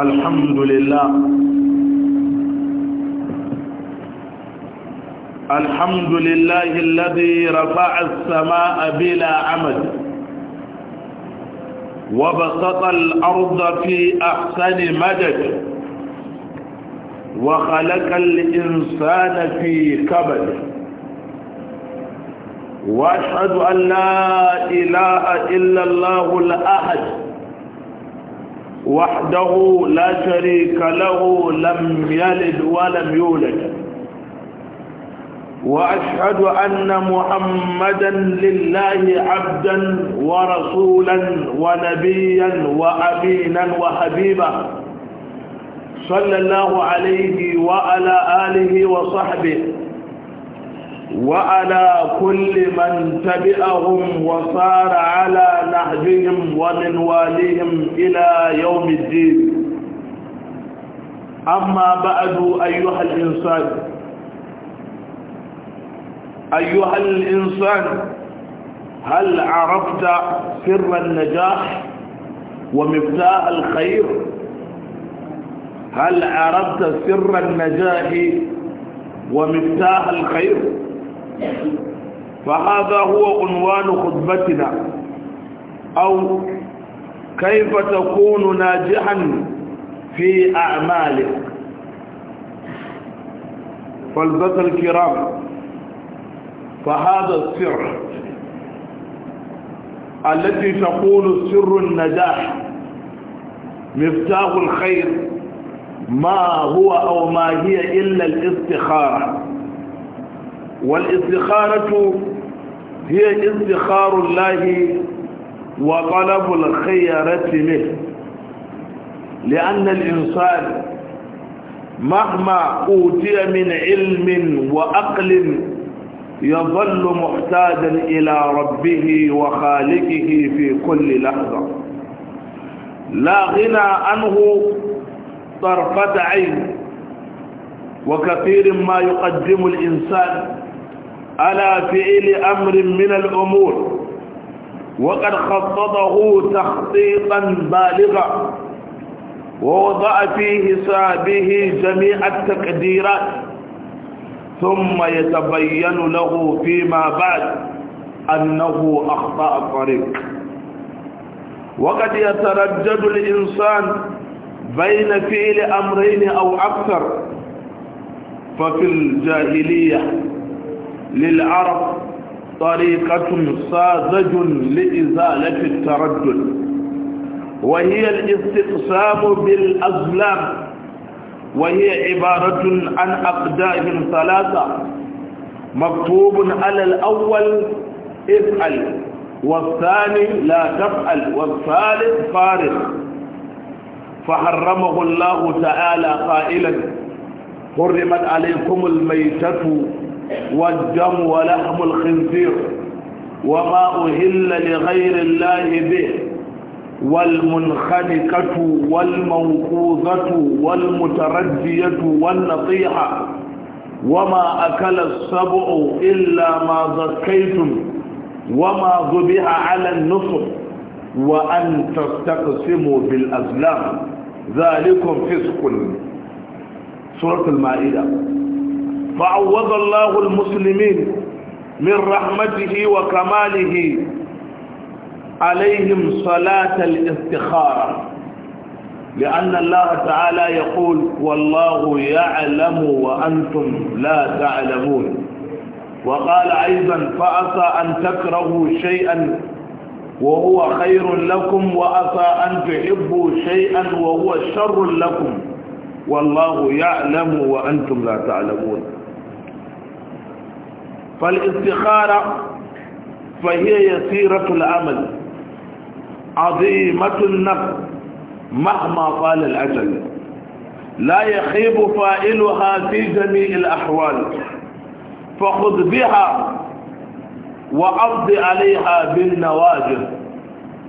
الحمد لله الحمد لله الذي رفع السماء بلا عمد وبسط الأرض في أحسن مدد وخلق الإنسان في كبد وأشهد أن لا إله إلا الله الأحد وحده لا شريك له لم يلد ولم يولد وأشهد أن محمدا لله عبدا ورسولا ونبيا وأمينا وحبيبا صلى الله عليه وعلى آله وصحبه وعلى كل من تبعهم وصار على نهجهم ومن واليهم إلى يوم الدين أما بعد أيها الإنسان أيها الإنسان هل عرفت سر النجاح ومفتاح الخير هل عرفت سر النجاح ومفتاح الخير فهذا هو عنوان خطبتنا أو كيف تكون ناجحا في أعمالك فالبطل الكرام فهذا السر التي تقول سر النجاح مفتاح الخير ما هو أو ما هي إلا الاستخارة والاستخارة هي استخار الله وطلب الخيرة منه لأن الإنسان مهما أوتي من علم وأقل يظل محتاجا إلى ربه وخالقه في كل لحظة لا غنى عنه طرفة عين وكثير ما يقدم الإنسان على فعل أمر من الأمور وقد خططه تخطيطا بالغا ووضع في حسابه جميع التقديرات ثم يتبين له فيما بعد أنه أخطأ الطريق وقد يتردد الإنسان بين فعل أمرين أو أكثر ففي الجاهلية للعرب طريقة ساذج لإزالة التردد وهي الاستقسام بالأزلام وهي عبارة عن أقدائهم ثلاثة مكتوب على الأول افعل والثاني لا تفعل والثالث فارغ فحرمه الله تعالى قائلا حرمت عليكم الميتة والدم ولحم الخنزير وما أهل لغير الله به والمنخنكة والموقوذة والمترجية والنطيحة وما أكل السبع إلا ما ذكيتم وما ذبح على النصر وأن تستقسموا بالأزلام ذلكم فسق سورة المائدة فعوض الله المسلمين من رحمته وكماله عليهم صلاة الاستخارة لأن الله تعالى يقول والله يعلم وأنتم لا تعلمون وقال أيضا فأسى أن تكرهوا شيئا وهو خير لكم وأسى أن تحبوا شيئا وهو شر لكم والله يعلم وأنتم لا تعلمون فالاستخارة فهي يسيرة العمل عظيمة النفس مهما طال الأجل لا يخيب فائلها في جميع الأحوال فخذ بها وأرض عليها بالنواجذ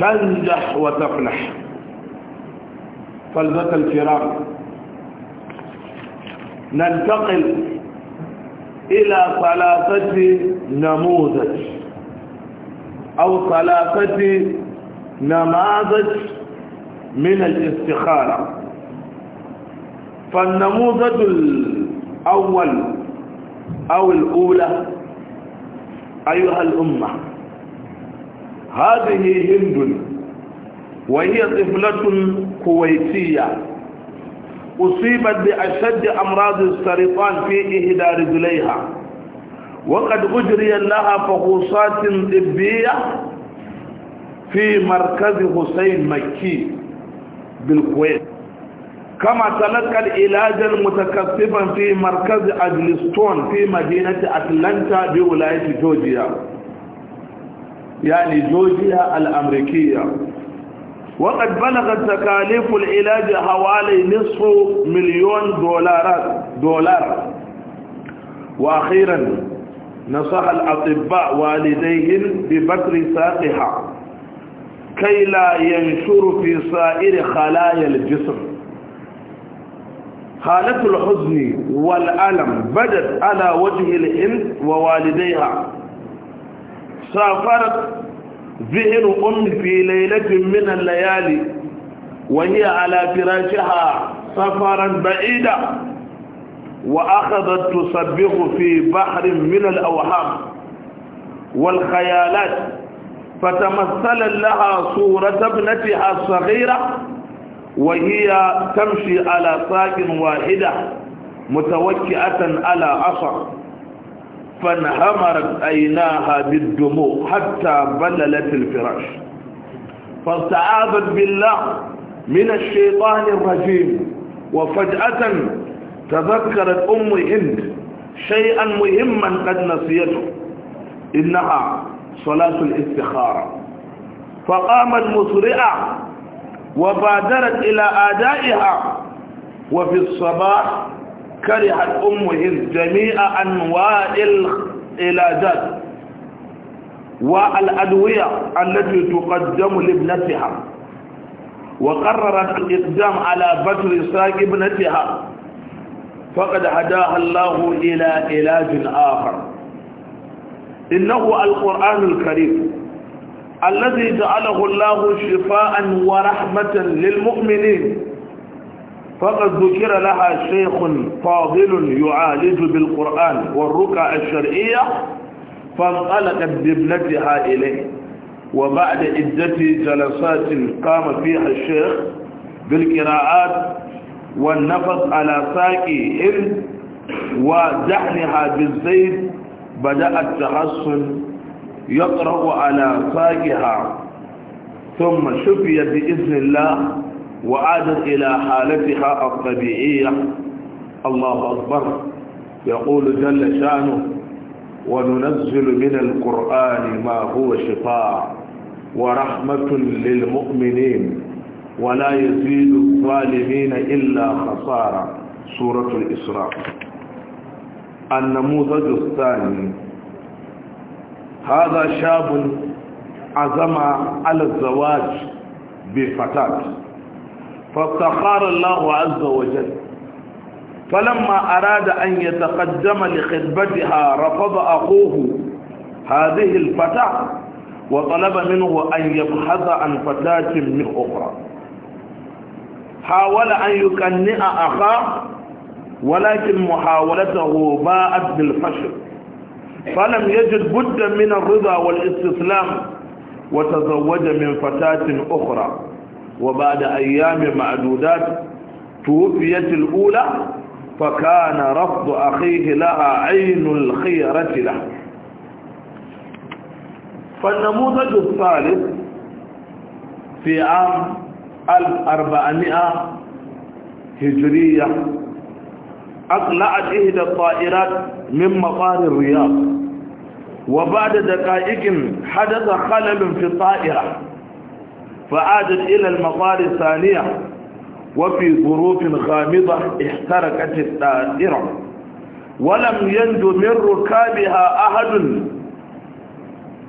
تنجح وتفلح فالذات الكرام ننتقل إلى ثلاثة نموذج أو ثلاثة نماذج من الاستخارة فالنموذج الأول أو الأولى أيها الأمة هذه هند وهي طفلة كويتية أصيبت بأشد أمراض السرطان في إحدى رجليها وقد أجري لها فحوصات طبية في مركز حسين مكي بالكويت كما تلقى العلاج المتكثفا في مركز أجلستون في مدينة أتلانتا بولاية جورجيا يعني جورجيا الأمريكية وقد بلغت تكاليف العلاج حوالي نصف مليون دولار دولار واخيرا نصح الاطباء والديهم ببتر ساقها كي لا ينشر في سائر خلايا الجسم حالة الحزن والألم بدت على وجه الهند ووالديها سافرت ذهن أم في ليلة من الليالي وهي على فراشها سفرا بعيدا وأخذت تصبح في بحر من الأوهام والخيالات فتمثل لها صورة ابنتها الصغيرة وهي تمشي على ساق واحدة متوكئة على عصا فانهمرت عيناها بالدموع حتى بللت الفراش فاستعاذت بالله من الشيطان الرجيم وفجأة تذكرت أم هند شيئا مهما قد نسيته إنها صلاة الاستخارة فقامت مسرعة وبادرت إلى آدائها وفي الصباح كرهت أمهم جميع أنواع العلاجات والأدوية التي تقدم لابنتها وقررت الإقدام على بتر ساق ابنتها فقد هداها الله إلى علاج آخر إنه القرآن الكريم الذي جعله الله شفاء ورحمة للمؤمنين فقد ذكر لها شيخ فاضل يعالج بالقرآن والركع الشرعية فانطلقت بابنتها إليه وبعد عدة جلسات قام فيها الشيخ بالقراءات والنفط على ساقي إل ودحنها بالزيت بدأ التحصن يقرأ على ساقها ثم شفي بإذن الله وعادت إلى حالتها الطبيعية الله أكبر يقول جل شانه وننزل من القرآن ما هو شفاء ورحمة للمؤمنين ولا يزيد الظالمين إلا خسارة سورة الإسراء النموذج الثاني هذا شاب عزم على الزواج بفتاة فافتخار الله عز وجل فلما أراد أن يتقدم لخدمتها رفض أخوه هذه الفتاة وطلب منه أن يبحث عن فتاة من أخرى حاول أن يكنئ أخاه ولكن محاولته باءت بالفشل فلم يجد بد من الرضا والاستسلام وتزوج من فتاة أخرى وبعد أيام معدودات توفيت الأولى فكان رفض أخيه لها عين الخيرة له فالنموذج الثالث في عام 1400 هجرية أقلعت إحدى الطائرات من مطار الرياض وبعد دقائق حدث خلل في الطائرة فعادت إلى المطار الثانية وفي ظروف غامضة احترقت الدائرة ولم ينج من ركابها أحد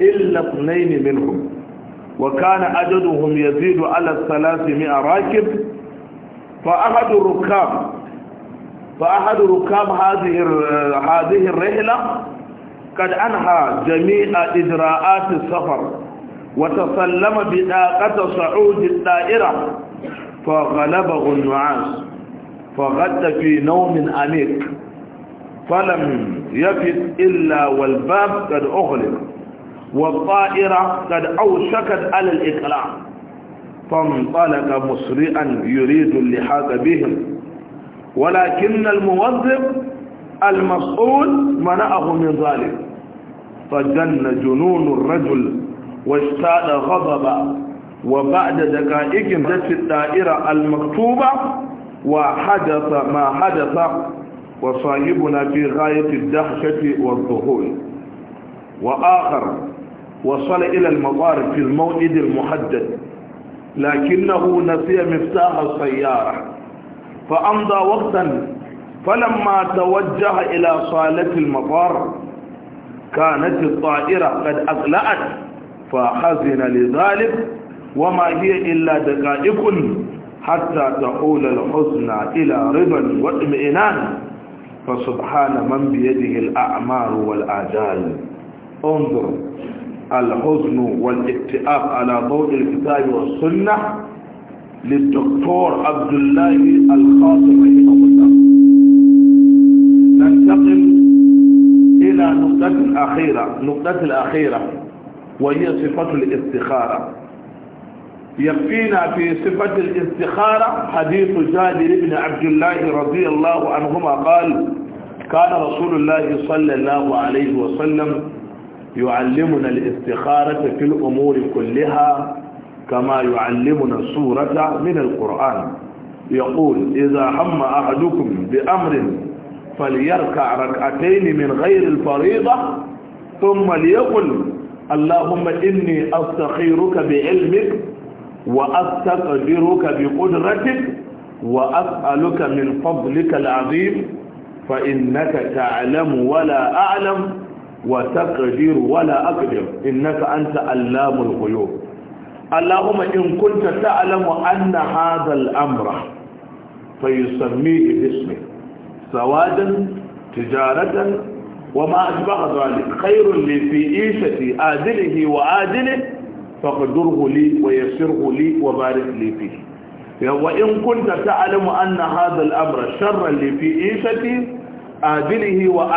إلا اثنين منهم وكان عددهم يزيد على الثلاثمائة راكب فأحد الركاب فأحد ركاب هذه هذه الرحلة قد أنهى جميع إجراءات السفر وتسلم بداقة صعود الدائرة فغلبه النعاس فغد في نوم أنيق فلم يفت إلا والباب قد أغلق والطائرة قد أوشكت على الإقلاع فانطلق مسرعا يريد اللحاق بهم ولكن الموظف المسؤول منعه من ذلك فجن جنون الرجل واشتاد غضبا وبعد دقائق جت الدائرة المكتوبة وحدث ما حدث وصاحبنا في غاية الدهشة والذهول وآخر وصل إلى المطار في الموعد المحدد لكنه نسي مفتاح السيارة فأمضى وقتا فلما توجه إلى صالة المطار كانت الطائرة قد أقلعت فحزن لذلك وما هي إلا دقائق حتى تحول الحزن إلى رضا واطمئنان فسبحان من بيده الأعمار والآجال انظر الحزن والاكتئاب على ضوء الكتاب والسنة للدكتور عبد الله الخاطر ننتقل إلى نقطة الأخيرة نقطة الأخيرة وهي صفة الاستخارة يكفينا في صفة الاستخارة حديث جابر بن عبد الله رضي الله عنهما قال كان رسول الله صلى الله عليه وسلم يعلمنا الاستخارة في الأمور كلها كما يعلمنا السورة من القرآن يقول إذا هم أحدكم بأمر فليركع ركعتين من غير الفريضة ثم ليقل اللهم إني أستخيرك بعلمك وأستقدرك بقدرتك وأسألك من فضلك العظيم فإنك تعلم ولا أعلم وتقدر ولا أقدر إنك أنت علام الغيوب اللهم إن كنت تعلم أن هذا الأمر فيسميه باسمك سوادا تجارة وما أشبه ذلك خير لي في عيشتي آدله وآدله فقدره لي ويسره لي وبارك لي فيه وإن كنت تعلم أن هذا الأمر شرا لي في عيشتي آدله وآدله